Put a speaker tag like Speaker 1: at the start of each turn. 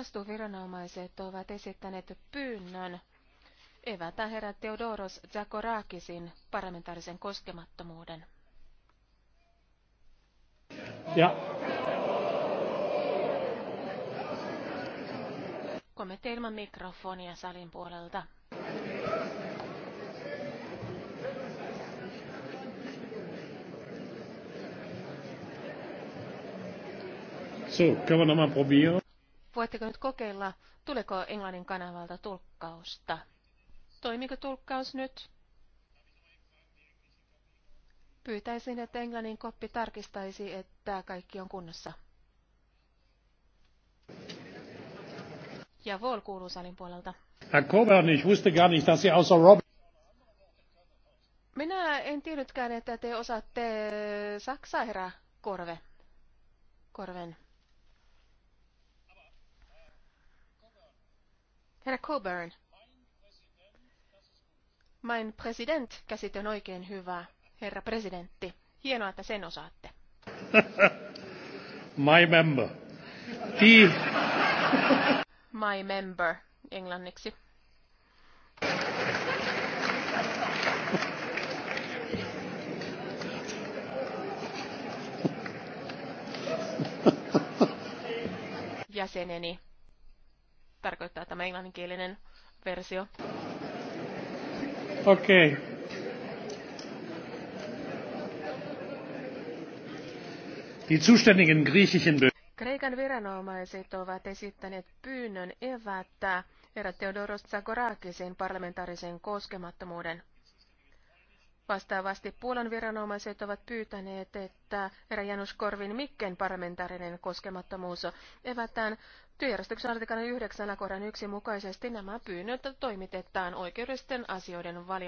Speaker 1: Vastuuviranomaiset ovat esittäneet pyynnön evätä herra Theodoros Zakorakisin parlamentaarisen koskemattomuuden. Ja. Kommentti ilman mikrofonia salin puolelta. So, können wir nochmal probieren? Voitteko nyt kokeilla, tuleeko englannin kanavalta tulkkausta? Toimiko tulkkaus nyt? Pyytäisin, että englannin koppi tarkistaisi, että kaikki on kunnossa. Ja Vol kuuluu salin puolelta. Herr gar nicht, dass Sie Minä en tiennytkään, että te osaatte saksaa, herra Korve. Korven. Herra Coburn, main president käsite on oikein hyvä, herra presidentti. Hienoa, että sen osaatte. My member. The... My member, englanniksi. Jäseneni tarkoittaa tämä englanninkielinen versio. Okei. Okay. Die zuständigen griechischen Kreikan viranomaiset ovat esittäneet pyynnön evättää herra Theodoros Zagorakisin parlamentaarisen koskemattomuuden Vastaavasti Puolan viranomaiset ovat pyytäneet, että herra Janus Korvin Mikken parlamentaarinen koskemattomuus evätään työjärjestyksen artikana 9 kohdan 1 mukaisesti nämä pyynnöt toimitetaan oikeudellisten asioiden valiokuntaan.